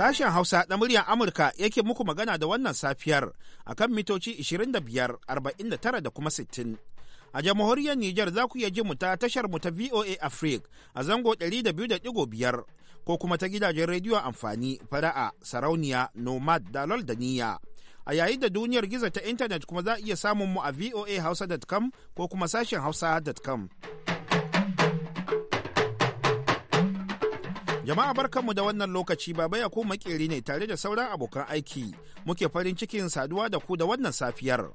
Sashen Hausa na muryar Amurka yake muku magana da wannan safiyar a kan mitoci 2549 da kuma 60. a jamhuriyar Nijar za ku iya ji mu ta tashar mu ta VOA Africa a zango 200.5 ko kuma ta gidajen rediyo amfani fara'a sarauniya nomad dalol da niyya. A yayin da duniyar gizo ta intanet kuma za a iya samun mu a voahausa.com ko kuma sashen hausa.com. Jama'a barkanmu da wannan lokaci baba ya ko makeri ne tare da sauran abokan aiki muke farin cikin saduwa da ku da wannan safiyar.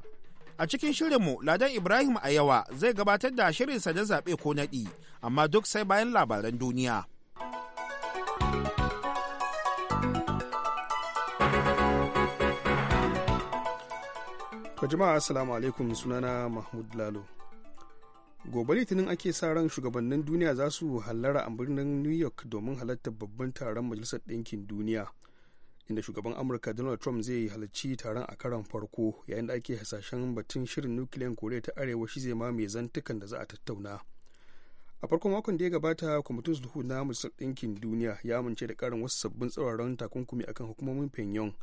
A cikin shirinmu Ladan Ibrahim ayawa zai gabatar da shirinsa na zaɓe ko naɗi amma duk sai bayan labaran duniya. Jama'a Assalamu alaikum sunana Mahmud Lalo. gobe litinin ake sa ran shugabannin duniya za su hallara a birnin new york domin halartar babban taron majalisar ɗinkin duniya inda shugaban amurka donald trump zai halarci taron a karan farko yayin da ake hasashen batun shirin nukiliyan koriya ta arewa shi zai ma mai zantukan da za a tattauna a farkon makon da ya gabata kwamitin sulhu na majalisar ɗinkin duniya ya amince da karin wasu sabbin tsauraran takunkumi akan hukumomin pyongyang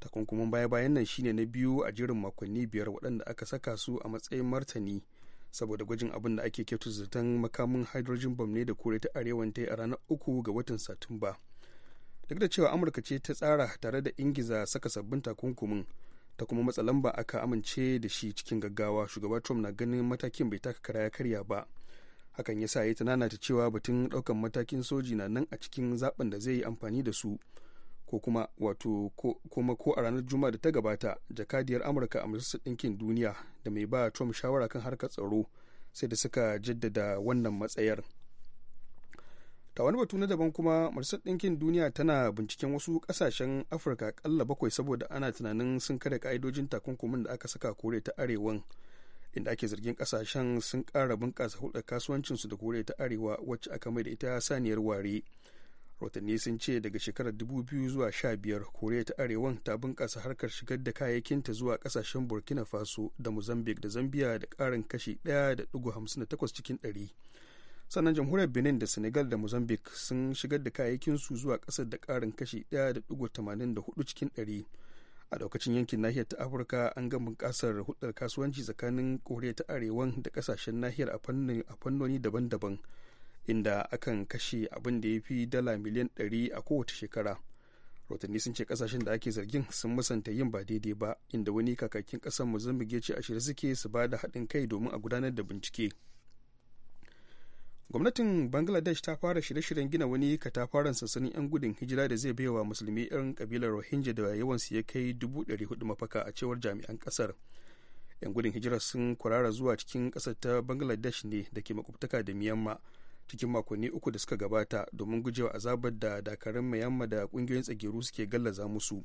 takunkumin baya-bayan nan shine na biyu a jirin makonni biyar waɗanda aka saka su a matsayin martani saboda gwajin abin da ake keto zaton makamin hydrogen bomb ne da kore ta arewan ta a ranar uku ga watan satumba duk da cewa amurka ce ta tsara tare da ingiza saka sabbin takunkumin ta kuma matsa lamba aka amince da shi cikin gaggawa shugaba trump na ganin matakin bai taka kara ya karya ba hakan ya sa ya ta cewa batun daukan matakin soji na nan a cikin zaben da zai yi amfani da su ko kuma wato kuma ko a ranar juma'a da ta gabata jakadiyar amurka a majalisar ɗinkin duniya da mai ba trump shawara kan harkar tsaro sai da suka jaddada wannan matsayar ta wani batu na daban kuma majalisar ɗinkin duniya tana binciken wasu ƙasashen afirka kalla bakwai saboda ana tunanin sun kada ka'idojin takunkumin da aka saka kore ta arewan inda ake zargin ƙasashen sun ƙara bunƙasa hulɗar kasuwancinsu da kore ta arewa wacce aka mai da ita saniyar ware watanni sun ce daga shekarar 2000 zuwa 15 koriya ta arewan ta bunƙasa harkar shigar da kayayyakinta zuwa ƙasashen burkina faso da mozambique da zambia da ƙarin kashi 1.58 cikin 100 sannan jamhuriyar benin da senegal da mozambique sun shigar da kayayyakinsu zuwa ƙasar da ƙarin kashi 1.84 cikin 100 a daukacin yankin nahiyar ta afirka an ga bunƙasar hudar kasuwanci tsakanin koriya ta arewan da ƙasashen nahiyar a fannoni daban-daban inda akan kashe abin da ya fi dala miliyan 100 a kowace shekara rotanni sun ce kasashen da ake zargin sun musanta yin ba daidai ba inda wani kakakin kasar mozambique ya ce shirye suke su ba da haɗin kai domin a gudanar da bincike gwamnatin bangladesh ta fara shirye-shiryen gina wani katafaren sansanin 'yan gudun hijira da zai baiwa musulmi 'yan kabilar rohingya da yawan su ya kai 400 mafaka a cewar jami'an kasar 'yan gudun hijira sun kurara zuwa cikin kasar ta bangladesh ne da ke makwabtaka da myanmar cikin makonni uku da suka gabata domin gujewa azabar da dakarun mayamma da kungiyoyin tsagiru suke gallaza musu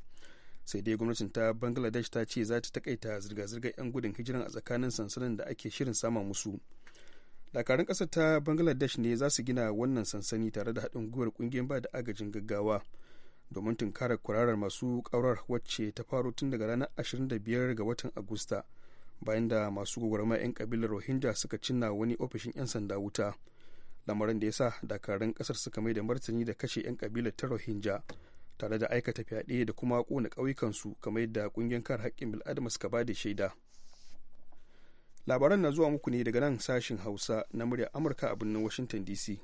sai dai gwamnatin ta bangladesh ta ce za ta takaita zirga-zirgar 'yan gudun hijiran a tsakanin sansanin da ake shirin sama musu dakarun ƙasar ta bangladesh ne za su gina wannan sansani tare da haɗin gwiwar ƙungiyar ba da agajin gaggawa domin tunkarar kurarar masu ƙaurar wacce ta faro tun daga ranar 25 ga watan agusta bayan da masu gwagwarmaya 'yan kabilar rohingya suka cinna wani ofishin 'yan sanda wuta lamarin da ya sa dakarun kasar suka mai da martani da kashe 'yan kabilar ta rohingya tare da aikata fyaɗe da kuma ƙona ƙauyukansu kamar da ƙungiyar kare haƙƙin bil'adama suka ba da shaida labaran na zuwa muku ne daga nan sashin hausa na murya amurka a birnin washington dc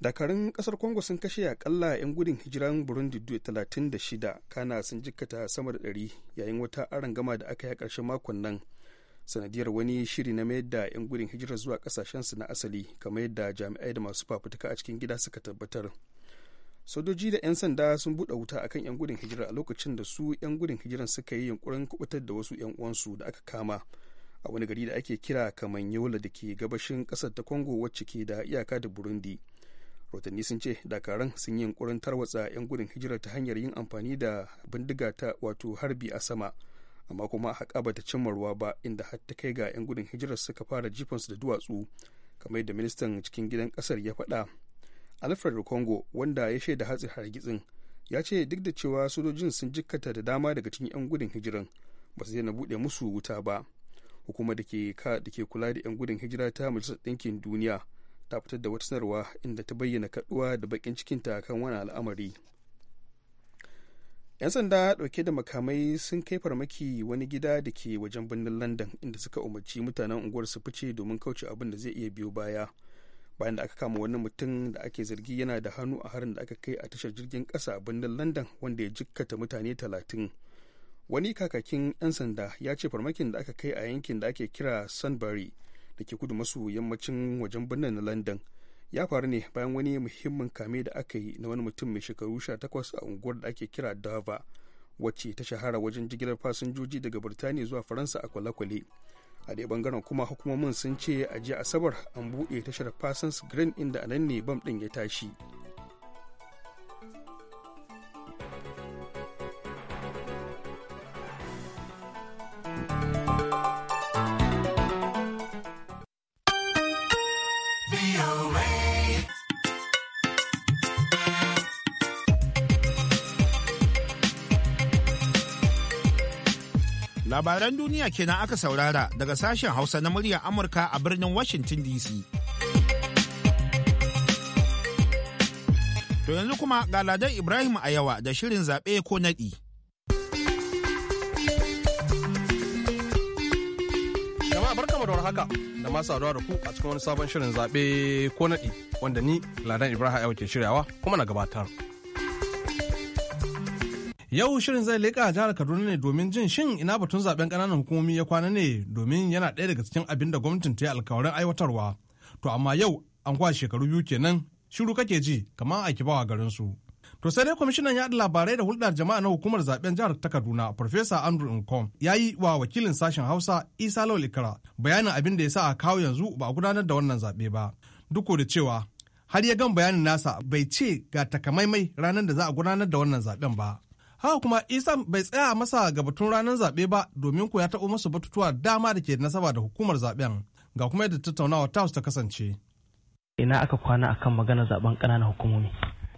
dakarun kasar congo sun kashe akalla 'yan gudun hijiran burundi da talatin shida kana sun jikkata sama da ɗari yayin wata gama da aka yi a ƙarshen makon nan sanadiyar wani shiri na mayar da 'yan gudun hijira zuwa kasashen su na asali kamar yadda jami'ai da masu fafutuka a cikin gida suka tabbatar sojoji da 'yan sanda sun buɗe wuta akan 'yan gudun hijira a lokacin da su 'yan gudun hijiran suka yi yunkurin kubutar da wasu 'yan uwansu da aka kama a wani gari da ake kira yola da ke gabashin ƙasar ta congo wacce ke da iyaka da burundi rotanni sun ce dakaran sun yi yunkurin tarwatsa 'yan gudun hijira ta hanyar yin amfani da bindiga ta wato harbi a sama amma kuma a haƙa ta cimma ruwa ba inda har ta kai ga 'yan gudun hijirar suka fara jifansu da duwatsu kamar yadda ministan cikin gidan ƙasar ya faɗa alfred congo wanda ya shaida hatsi hargitsin ya ce duk da cewa sojojin sun jikkata da dama daga cikin 'yan gudun hijiran ba su daina buɗe musu wuta ba hukumar da ke ka da ke kula da 'yan gudun hijira ta majalisar ɗinkin duniya ta fitar da wata sanarwa inda ta bayyana kaɗuwa da bakin cikinta kan wani al'amari 'yan sanda dauke da makamai sun kai farmaki wani gida da ke wajen birnin london inda suka umarci mutanen unguwar su fice domin kauce abin da zai iya biyo baya bayan da aka kama wani mutum da ake zargi yana da hannu a harin da aka kai a tashar jirgin kasa a birnin london wanda ya jikkata mutane talatin wani kakakin 'yan sanda ya ce farmakin da aka kai a yankin da ake kira sunbury da ke kudu maso yammacin wajen birnin london ya faru ne bayan wani muhimmin kame da aka yi na wani mutum mai shekaru 18 a unguwar da ake kira dava wacce ta shahara wajen jigilar fasinjoji daga birtaniya zuwa faransa a kwale-kwale a dai bangaren kuma hukumomin sun ce a jiya asabar an buɗe tashar fasins green inda anan ne bam ɗin ya tashi Labaran duniya kenan aka saurara daga sashen Hausa na muryar Amurka a birnin Washington DC. To yanzu kuma ga Ladan Ibrahim Ayawa da shirin zaɓe ko naɗi. Jama'a barkamu da haka da masu saduwa da ku a cikin wani sabon shirin zaɓe ko naɗi wanda ni Ladan Ibrahim Ayawa ke shiryawa kuma na gabatar. Yau shirin zai leƙa jihar Kaduna ne domin jin shin ina batun zaben ƙananan hukumomi ya kwana ne domin yana ɗaya daga cikin abin da gwamnatin ta yi alkawarin aiwatarwa. To amma yau an kwa shekaru biyu kenan shiru kake ji kamar a kibawa garin su. To sai dai kwamishinan yaɗa labarai da hulɗar jama'a na hukumar zaben jihar ta Kaduna, Farfesa Andrew Nkom, ya yi wa wakilin sashen Hausa Isa Lawal Ikra bayanin abin da ya sa a kawo yanzu ba a gudanar da wannan zaɓe ba. Duk da cewa har ya gan bayanin nasa bai ce ga takamaimai ranar da za a gudanar da wannan zaben ba. haka kuma isa bai tsaya masa ga batun ranar zaɓe ba domin ko ya taɓo masa batutuwa dama da ke nasaba da hukumar zaɓen ga kuma yadda tattaunawa ta ta kasance ina aka kwana a kan maganar zaɓen ƙananan hukumomi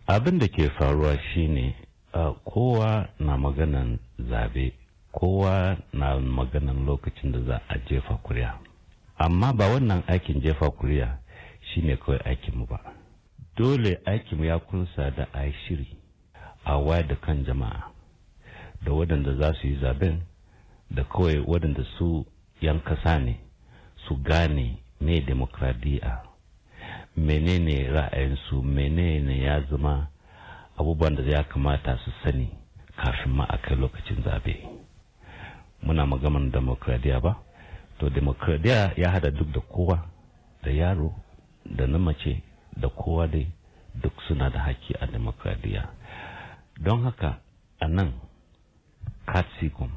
abin da ke faruwa shine kowa na maganan zaɓe kowa na maganan lokacin da za a jefa kuriya amma ba wannan aikin jefa kuriya shine kawai aikinmu ba dole aikinmu ya kunsa da a shiri a wayar da kan jama'a da waɗanda za su yi zaben da kawai waɗanda su yan kasa ne su gane me demokradiyya menene ra'ayinsu menene ya zama abubuwan da ya kamata su sani kafin ma a kai lokacin zabe muna magaman demokradiyya ba to demokradiyya ya hada duk da kowa da yaro da na mace da kowa dai duk suna da haƙƙi a demokradiyya don haka a nan kasikum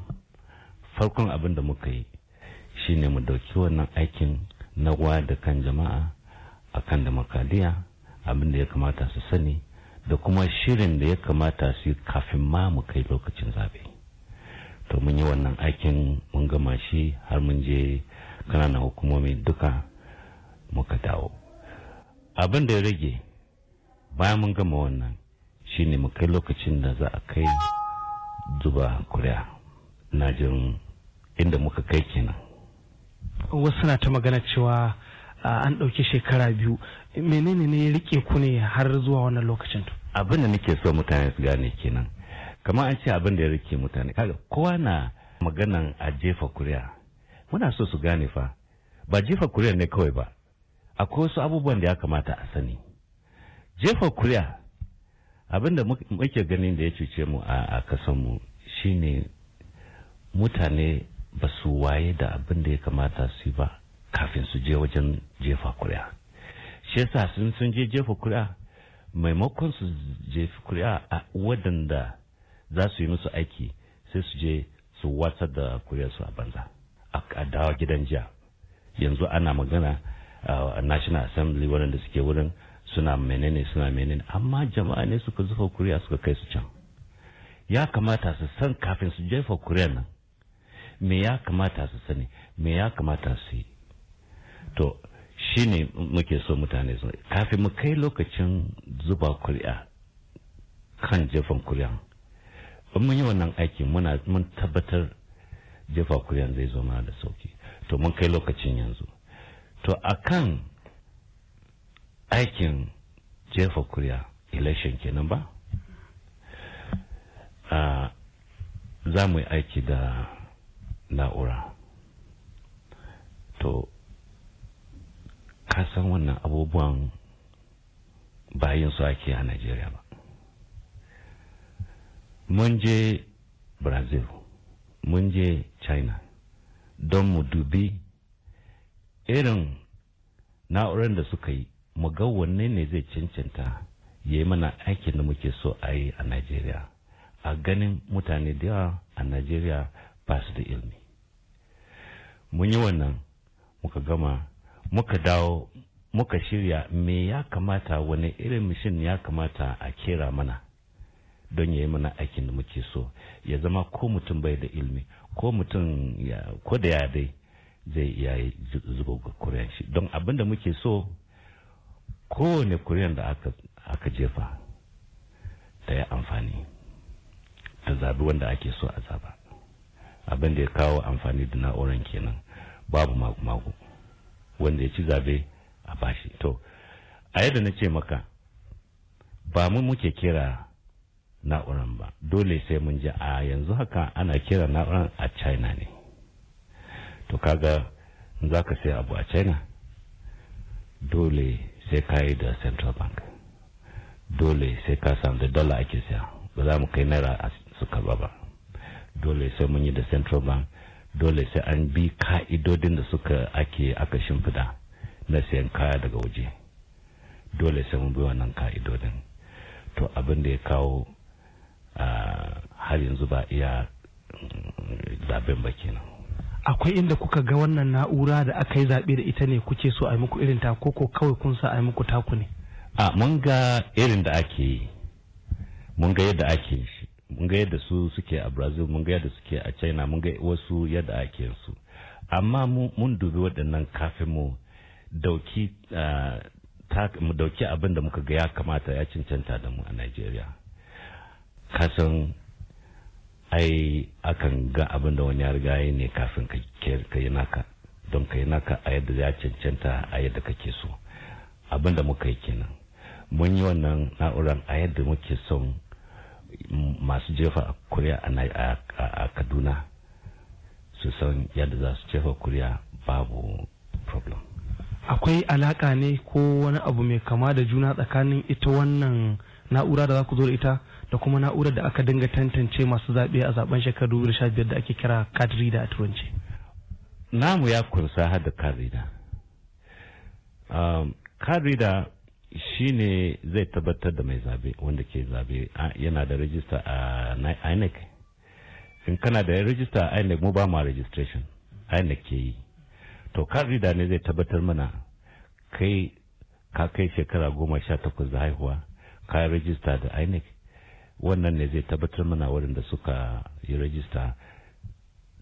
farkon abin da muka yi shi ne mu dauki wannan aikin na wayar da kan jama'a a kan demokaliya abin da ya kamata su sani da kuma shirin da ya kamata su yi kafin ma mu kai lokacin zabe to mun yi wannan aikin mun gama shi har mun je kananan hukumomi duka muka dawo abin da ya rage bayan mun gama wannan shi ne mu kai lokacin da za a kai zuba kuri'a na jin inda muka kai kenan wasu na ta magana cewa an ɗauki shekara biyu menene ne ya rike ku ne har zuwa wannan lokacin abin da nake so mutane su gane kenan kamar an ce abin da ya rike mutane kaga kowa na maganan a jefa kuri'a muna so su gane fa ba jefa kuri'a ne kawai ba akwai wasu abubuwan da ya kamata a sani jefa kuri'a abinda muke ganin da ya cuce mu a kasanmu shine mutane ba su waye da abin da ya kamata su ba kafin su je wajen jefa kuri'a shi yasa sun sun je jefa kuri'a maimakon su jefa kuri'a a waɗanda za su yi musu aiki sai su je su watsar da kuriyarsu a banza a dawa gidan jiya yanzu ana magana a national assembly waɗanda suke wurin suna menene suna menene amma jama'a ne suka zufa kuri'a suka kai su can ya kamata su san kafin su jefa kuri'a nan me ya kamata su sani me ya kamata su yi to shi ne muke so mutane su kafin mu kai lokacin zuba kuri'a kan jefan kuri'a in mun yi wannan aiki muna mun tabbatar jefa kuri'a zai zo mana da sauki to mun kai lokacin yanzu to akan aikin jefa kuriya election kenan ba za mu yi aiki da na'ura to kasan wannan abubuwan bayan su ake a najeriya ba mun je brazil mun je china don mu dubi irin na'urar da suka yi mu ga wanne ne zai cancanta ya yi mana aikin da muke so a yi a najeriya a ganin mutane da yawa a najeriya ba su da ilmi mun yi wannan muka gama muka dawo muka shirya me ya kamata wani irin mishin ya kamata a kera mana don ya yi mana aikin da muke so ya zama ko mutum bai da ilmi ko mutum ko da ya dai zai iya zuba kuran shi don abin da muke so kowane kuriyar da aka jefa ta yi amfani ta zabi wanda ake so a zaba abin da ya kawo amfani da na'urar kenan babu magu-magu wanda ya ci zabe a bashi to a yadda na ce maka ba mu muke kira na'uran ba dole sai mun ji a yanzu haka ana kira na'uran a china ne to kaga za ka sai abu a china dole sai ka yi da central bank dole sai ka samu da dollar ake siya ba za mu kai naira a su karba ba dole sai mun yi da central bank dole sai an bi ka'idodin da suka ake aka shimfida na siyan kaya daga waje dole sai mun bi wannan ka'idodin to abin da ya kawo ah, har yanzu ba iya mm, zaben ba kenan akwai inda kuka ga wannan na'ura da aka yi zaɓe da ita ne kuke so a yi muku irin ta ko kawai kun sa a yi muku taku ne a mun ga irin da ake yi mun ga yadda ake shi mun ga yadda su suke a brazil mun ga yadda suke a china mun ga wasu yadda ake su amma mun dubi waɗannan kafin mu dauki abin da muka ga ya kamata ya cancanta da mu a Najeriya. kasan ai akan ga abin da wani ya riga yi ne kafin ka yi naka don ka yi naka a yadda ya cancanta a yadda kake so abin da muka yi kenan mun yi wannan na'urar a yadda muke son masu jefa kuriya a kaduna su san yadda za su jefa kuriya babu problem akwai alaka ne ko wani abu mai kama da juna tsakanin ita wannan na'ura da za ku zo da ita da kuma na'urar da aka dinga tantance masu zaɓe a zaben shekarar 2015 da ake kira da a turanci namu ya kunsa har da kadrida um, kadrida shi ne zai tabbatar da mai zabe wanda ke zabe yana da rajista a inec in kana da rajista a inec mu ba ma registration inec ke yi to kadrida ne zai tabbatar mana kai ka kai shekara goma sha takwas da haihuwa ka rajista da inec wannan ne zai tabbatar mana waɗanda suka yi rajista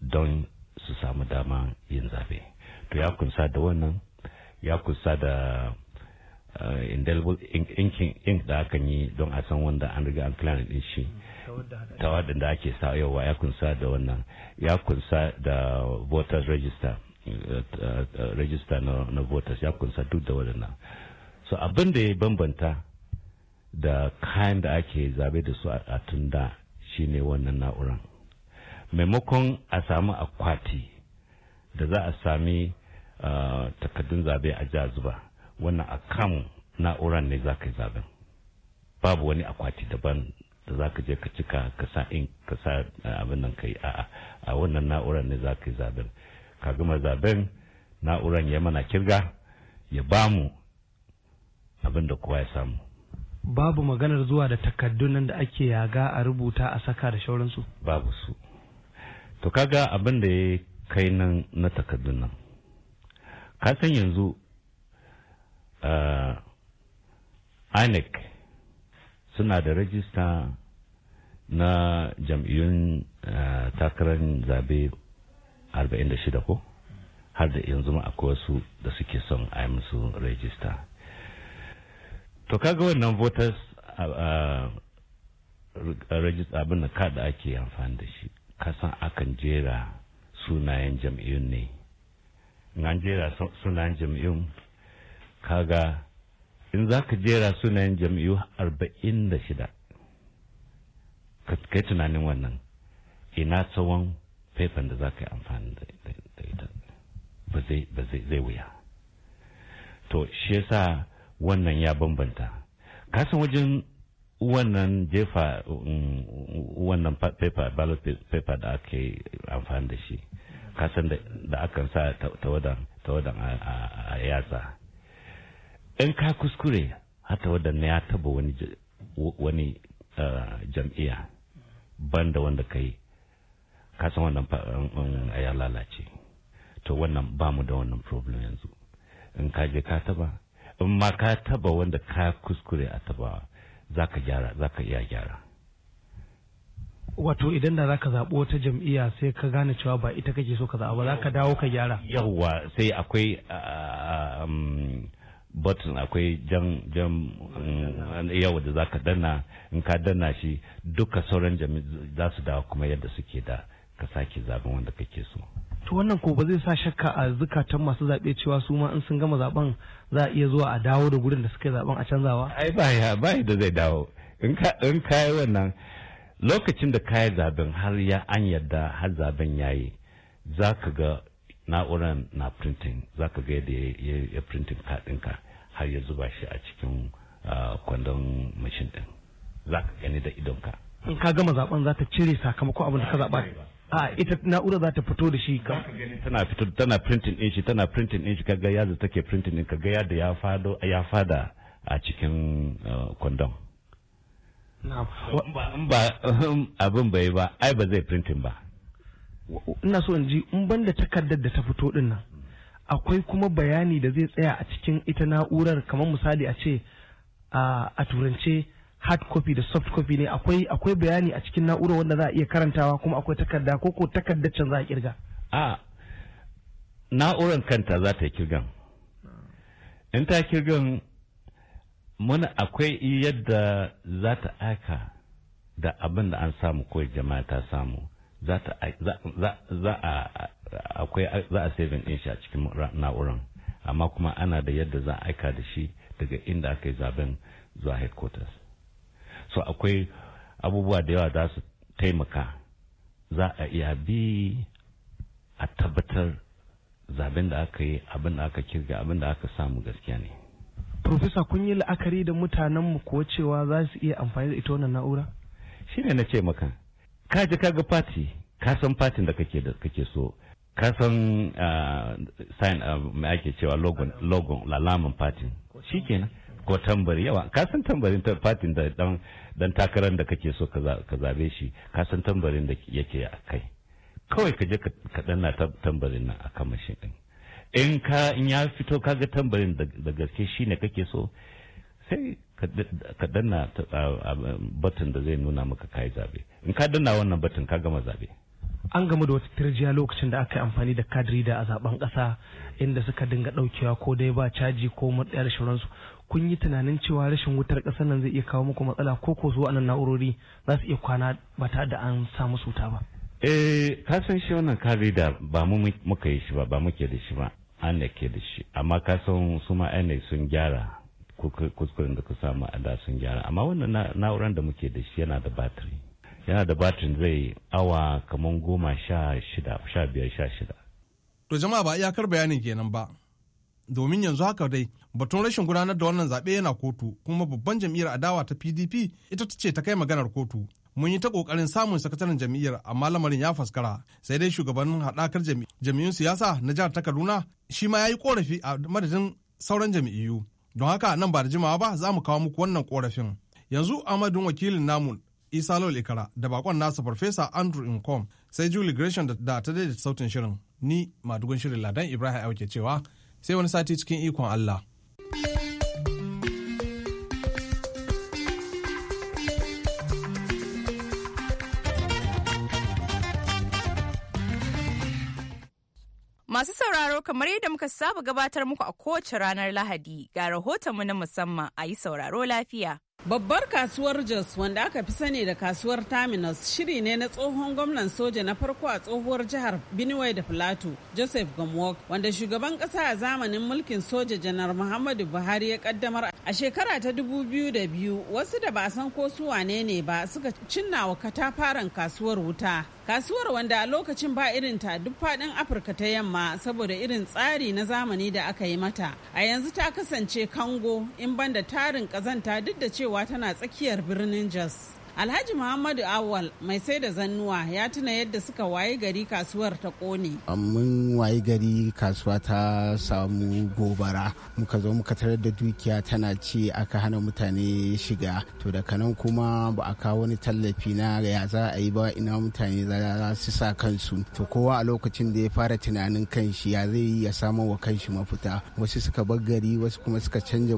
don su samu dama yin zaɓe to ya kunsa da wannan ya kunsa da eh, indelible inkin ink da aka yi don a san wanda an riga an planet din shi ta wadanda ake sa yawa ya kunsa da wannan ya kunsa da voters register eh, eh, register na voters ya kunsa duk da waɗannan so abin da ya bambanta da kayan da ake zabe da su a tun da shine wannan na'uran maimakon a samu akwati da za a sami takardun zabe a zuba wannan a kan na'uran ne za ka yi zaben babu wani akwati daban da za ka je ka cika ka sa in ka sa abin nan ka yi a'a a wannan na'uran ne za ka yi zaben ka gama zaben na'uran ya mana kirga ya bamu abin da kowa ya samu babu maganar zuwa da takaddun nan da ake yaga a rubuta a saka da shauransu babu su to kaga abin da ya kai nan na takaddun nan ka yanzu uh, inec suna da rajista na jam'iyyun uh, takarar zabe 46 ko har da yanzu ma akwai wasu da suke son a yi musu rajista to kaga wannan voters register abin da kada ake amfani da shi kasan akan jera sunayen jam'iyyun ne an jera sunayen jam'iyyun kaga in za ka jera sunayen jam'iyyu arba'in da shida ka kai tunanin wannan ina tsawon faifan da za ka yi amfani da ita ba zai wuya to shi yasa wannan ya bambanta kasan wajen wannan jefa mm, wannan paper ballot paper da ake amfani da shi kasan da akan sa tawadan a yatsa in ka kuskure hata wadan ya taba wani jam'iyya banda wanda ka yi kasan wannan mm, mm, ya lalace to wannan ba mu da wannan problem yanzu in ka je ka taba in ma ka taba wanda ka kuskure a taba za ka gyara za ka iya gyara wato idan da za ka zaɓi wata jam'iyya sai ka gane cewa ba ita kake so ka zaɓa ba za ka dawo ka gyara yawwa sai akwai um, button akwai jan jan um, yawa da za ka dana in ka dana shi duka sauran jami'a za su dawo kuma yadda suke da ka sake zaɓen wanda kake so to wannan ko ba zai sa shakka a zukatan masu zaɓe cewa su ma in sun gama zaben za a iya zuwa a dawo da gurin da suka yi zaben a canzawa ai ba ya ba da zai dawo in ka in yi wannan lokacin da yi zaben har ya an yadda har zaben yayi za ka ga na'urar na printing za ka ga yadda ya printing kaɗinka har ya zuba shi a cikin kwandon mashin ɗin za ka gani da idonka in ka gama zaben za ta cire sakamakon abin da ka zaɓa a ita na'ura za ta fito da shi ka tana fito tana printing din shi tana printing din shi kaga ya da take printing din kaga ya da ya fado ya fada a cikin uh, condom in ba abin bai ba ai ba zai printing ba ina so in ji in banda takardar da ta fito din nan akwai kuma bayani da zai tsaya a cikin ita na'urar kamar misali a ce a turance hard copy da soft copy ne akwai akwai bayani a cikin na'ura wanda za a iya karantawa kuma akwai takarda ko ko takardar za a kirga a na'urar kanta za ta kirgan in ta kirgan muna akwai yadda za ta aka da abin da an samu ko jama'a ta samu za a akwai za a saving din shi a cikin na'urar amma kuma ana da yadda za a aika da shi daga inda aka yi zaben zuwa headquarters so akwai abubuwa da yawa za su taimaka za a iya bi a tabbatar zaben da aka yi abin da aka kirga abin da aka samu gaskiya ne Profesa kun yi la'akari da mutanen mu ko cewa za su iya amfani da ita wannan na'ura? Shi ne na ce maka, ka ji ka ga fati, ka san fatin da kake da kake so, ka san ah, sign ah, mai ake cewa logon lalaman fatin. Shi kenan. ko tambari yawa ka san tambarin ta fatin da dan dan takarar da kake so ka zabe shi ka san tambarin da yake a kai kawai ka je ka danna tambarin nan akan mashin din in ka in ya fito kaga tambarin da gaske shine kake so sai ka danna batun da zai nuna maka kai zabe in ka danna wannan batun ka gama zabe an gamu da wata tirjiya lokacin da aka yi amfani da kadri da a zaben kasa inda suka dinga daukewa ko dai ba caji ko matsayar shauransu kun yi tunanin cewa rashin wutar ƙasar nan zai iya kawo muku matsala ko ko zuwa nan na'urori za su iya kwana ba tare da an samu suta ba. eh ka san shi wannan ka da ba mu muka yi shi ba ba muke da shi ba an da ke da shi amma ka san su ma sun gyara kuskuren da ka samu a da sun gyara amma wannan na'urar da muke da shi yana da batiri yana da batiri zai awa kamar goma sha shida sha biyar sha shida. to jama'a ba iyakar bayanin kenan ba domin yanzu haka dai batun rashin gudanar da wannan zaɓe yana kotu kuma babban jam'iyyar adawa ta pdp ita ta ce ta kai maganar kotu mun yi ta kokarin samun sakataren jam'iyyar amma lamarin ya faskara sai dai shugabannin haɗakar jam'iyyun siyasa na jihar ta kaduna shi ma ya yi korafi a madadin sauran jam'iyyu don haka nan ba da jimawa ba za mu kawo muku wannan korafin yanzu amadun wakilin namu isa lawal ikara da bakon nasa farfesa andrew incom sai julie gresham da ta daidaita sautin shirin ni madugun shirin ladan ibrahim auke cewa sai wani sati cikin ikon Allah. Masu sauraro kamar yadda muka saba gabatar muku a kowace ranar Lahadi ga rahotonmu na musamman a yi sauraro lafiya. Babbar kasuwar Jos wanda aka fi sani da kasuwar Terminus shiri ne na tsohon gwamnan soja na farko a tsohuwar jihar Benue da Filato Joseph Gomwok wanda shugaban kasa a zamanin mulkin soja janar Muhammadu Buhari ya kaddamar a shekara ta 2002 wasu da ba san ko su wane ne ba suka cinna wa katafaren kasuwar wuta. Kasuwar wanda a lokacin ba irin ta duk faɗin Afirka ta yamma saboda irin tsari na zamani da aka yi mata. A yanzu ta kasance kango in banda tarin ƙazanta duk da cewa cewa tana tsakiyar birnin Jos. Alhaji Muhammadu Awal mai sai da zannuwa ya tuna yadda suka waye gari kasuwar ta kone. Mun waye gari kasuwa ta samu gobara muka zo muka tarar da dukiya tana ce aka hana mutane shiga to daga nan kuma ba a kawo wani tallafi na ya za a yi ba ina mutane za su sa kansu to kowa a lokacin da ya fara tunanin kanshi ya zai yi ya samu wa kanshi mafita wasu suka bar gari wasu kuma suka canja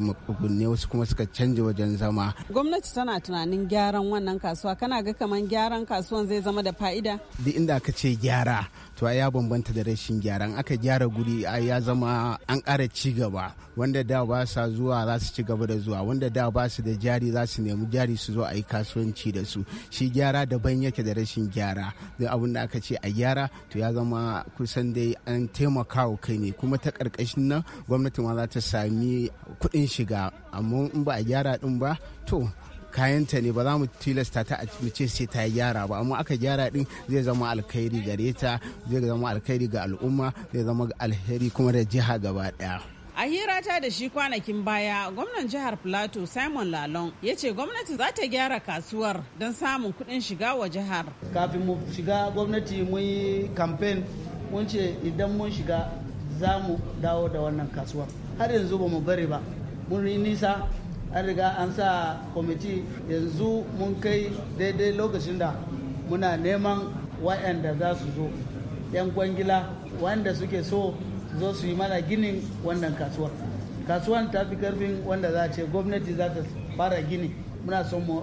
wasu kuma suka canja wajen zama. Gwamnati tana tunanin gyaran wannan wannan kasuwa kana ga kamar gyaran kasuwan zai zama da fa'ida duk inda aka ce gyara to ya bambanta da rashin gyara aka gyara guri ya zama an ƙara ci gaba wanda da ba sa zuwa za su ci gaba da zuwa wanda da ba su da jari za su nemi jari su zo a yi kasuwanci da su shi gyara daban yake da rashin gyara duk abin da aka ce a gyara to ya zama kusan dai an taimaka wa kai ne kuma ta ƙarƙashin nan gwamnati ma za ta sami kuɗin shiga amma in ba a gyara ɗin ba to kayanta ne ba za mu tilasta ta a ce sai ta gyara ba amma aka gyara din zai zama alkhairi gare ta zai zama alkhairi ga al'umma zai zama alheri kuma da jiha gaba daya A hira ta da shi kwanakin baya, gwamnan jihar Plateau Simon Lalong ya ce gwamnati za ta gyara kasuwar don samun kuɗin shiga wa jihar. Kafin mu shiga gwamnati mun yi kamfen mun ce idan mun shiga za mu dawo da wannan kasuwar. Har yanzu ba mu bari ba, mun yi nisa an riga an sa kwamiti yanzu mun kai daidai lokacin da muna neman wa'anda za su zo 'yan kwangila wanda suke so zo su yi mana ginin wannan kasuwar kasuwan ta fi karfin wanda za a ce gwamnati za ta fara gini muna son mu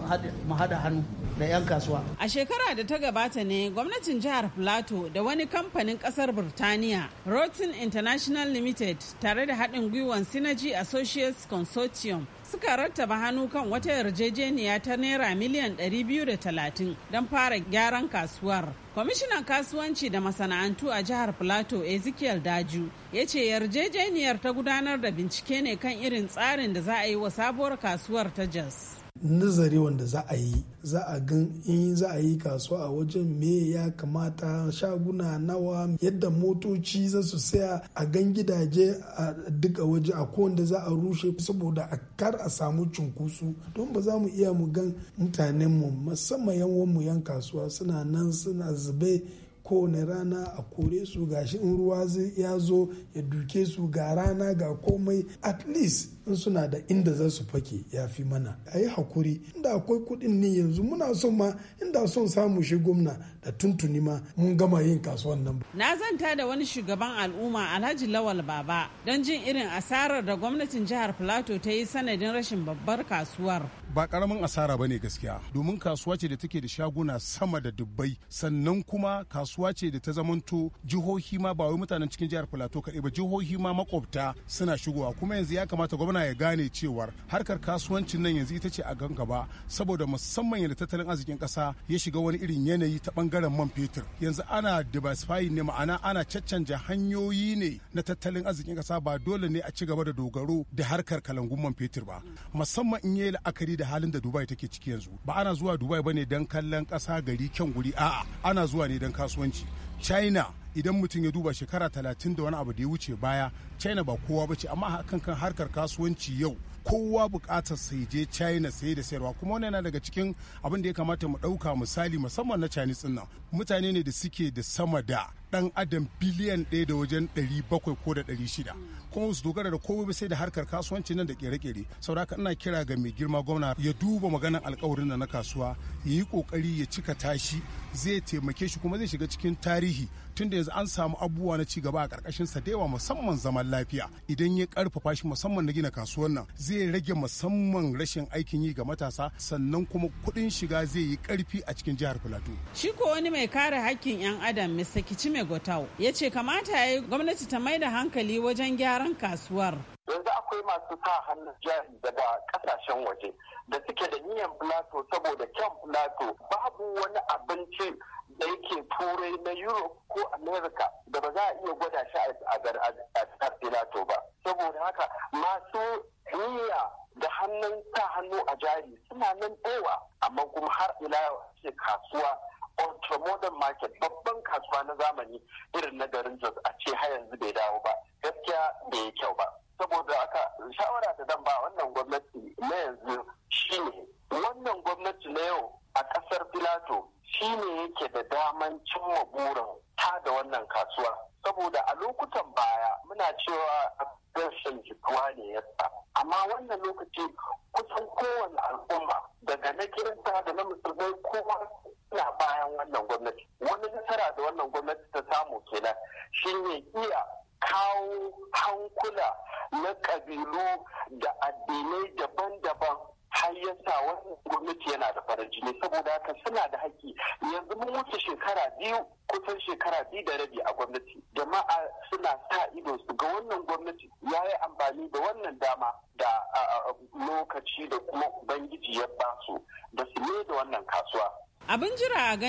haɗa hannu da 'yan kasuwa. A shekara da ta gabata ne gwamnatin jihar Plateau da wani kamfanin kasar birtaniya Rotin International Limited tare da haɗin gwiwan Synergy Associates Consortium suka rattaba hannu kan wata yarjejeniya ta naira miliyan 230 don fara gyaran kasuwar kwamishinan kasuwanci da masana'antu a jihar plateau ezekiel daju ya ce yarjejeniyar ta gudanar da bincike ne kan irin tsarin da za a yi wa sabuwar kasuwar ta jos nazari wanda za a yi za a gan in za a yi kasuwa a wajen me ya kamata shaguna nawa yadda motoci za su saya a gan gidaje a duk waje a kowanda za a rushe saboda a kar a samu cunkusu don ba za mu iya mu gan mutanenmu musamman yawan mu yan kasuwa suna nan suna zube kowane rana a kore su gashi in ruwa ya zo ya duke su ga rana ga komai at least in suna da inda za su fake ya fi mana a yi hakuri inda akwai kuɗin ne yanzu muna son ma inda son samu shi gwamna da tuntuni ma mun gama yin kasuwan nan. na zanta da wani shugaban al'umma alhaji lawal baba don jin irin asarar da gwamnatin jihar plateau ta yi sanadin rashin babbar kasuwar. ba karamin asara bane gaskiya domin kasuwa ce da take da shaguna sama da dubbai sannan kuma kasuwa ce da ta zamanto jihohi ma ba wai mutanen cikin jihar plateau kaɗai ba jihohi ma makwabta suna shigowa kuma yanzu ya kamata gwamnati gwamna ya gane cewar harkar kasuwancin nan yanzu ita ce a gan gaba saboda musamman yadda tattalin arzikin kasa ya shiga wani irin yanayi ta bangaren man fetur yanzu ana diversifying ne ma'ana ana caccanja hanyoyi ne na tattalin arzikin kasa ba dole ne a ci gaba da dogaro da harkar kalangun man fetur ba musamman in yi la'akari da halin da dubai take ciki yanzu ba ana zuwa dubai bane don kallon kasa gari kyan guri a'a ana zuwa ne don kasuwanci china idan mutum ya duba shekara talatin da wani abu da ya wuce baya china ba kowa ba ce amma hakan kan harkar kasuwanci yau kowa bukatar sai je china saye da sayarwa kuma wannan yana daga cikin abin da ya kamata mu ɗauka misali musamman na chinese nan mutane ne da suke da sama da dan adam biliyan ɗaya da wajen 700 ko da 600 kuma wasu dogara da komai sai da harkar kasuwanci nan da kere-kere sauraka ina kira ga mai girma gwamna ya duba maganar alkawarin da na kasuwa ya yi kokari ya cika tashi zai taimake shi kuma zai shiga cikin tarihi tunda yanzu an samu abubuwa na cigaba a karkashin sa da yawa musamman zaman lafiya idan ya karfafa shi musamman na gina kasuwar nan zai rage musamman rashin aikin yi ga matasa sannan kuma kudin shiga zai yi karfi a cikin jihar Filato. Shi ko wani mai kare hakkin 'yan adam Mr. Kichime Gotau ya ce kamata ya yi gwamnati ta mai da hankali wajen gyara gyaran kasuwar. yanzu akwai masu sa hannun jari daga kasashen waje da suke da niyan plato saboda kyan plato babu wani abinci da yake turai na europe ko america da ba za a iya gwada shi a plato ba saboda haka masu niyya da hannun sa hannu a jari suna nan ɗewa amma kuma har ila ce kasuwa ultra modern market babban kasuwa na zamani irin na garin Jos a ce har yanzu bai dawo ba gaskiya bai kyau ba saboda aka shawara da zan ba wannan gwamnati na yanzu shine wannan gwamnati na yau a kasar Filato shine yake da daman cin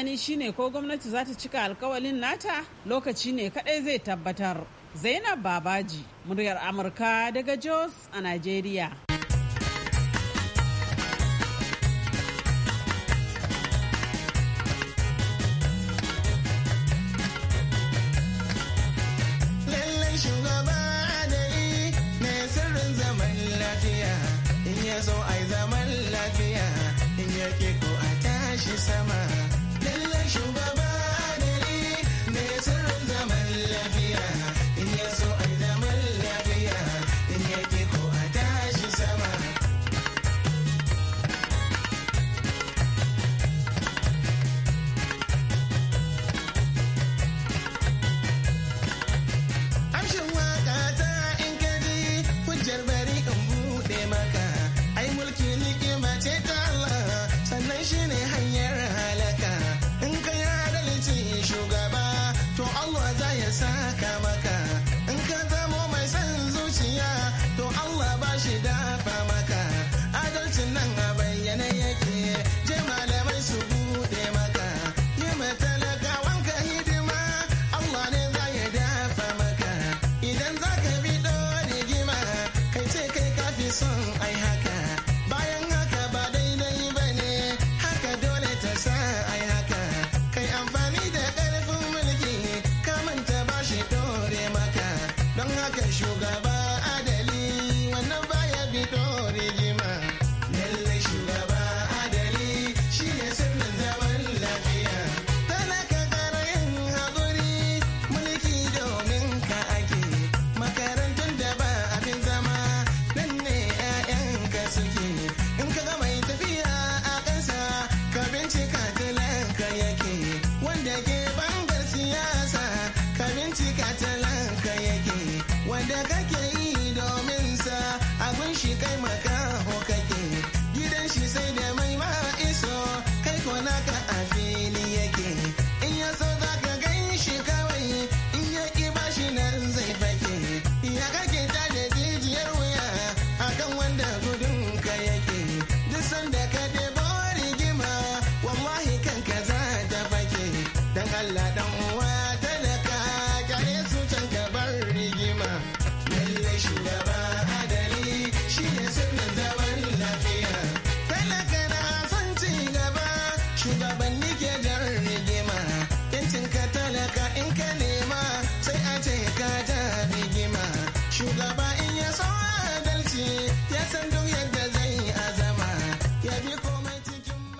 tunani shine ko gwamnati za ta cika alkawalin nata lokaci ne kadai zai tabbatar. Zainab Babaji, muryar Amurka daga Jos a Najeriya. sama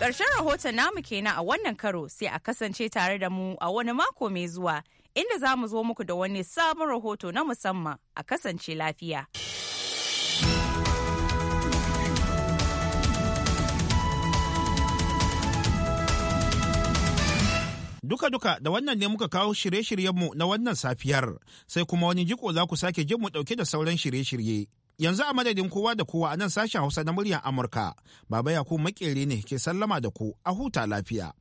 Ƙarshen rahoton namu kenan a wannan karo sai a kasance tare da mu a wani mako mai zuwa inda za mu zo muku da wani sabon rahoto na musamman a kasance lafiya. Duka-duka da wannan ne muka kawo shirye-shiryenmu na wannan safiyar, sai kuma wani jiko za ku sake jin mu ɗauke da sauran shirye-shirye. Yanzu a madadin kowa da kowa a nan sashen Hausa na muryar Amurka, Baba ku makere ne ke sallama da ku a huta lafiya.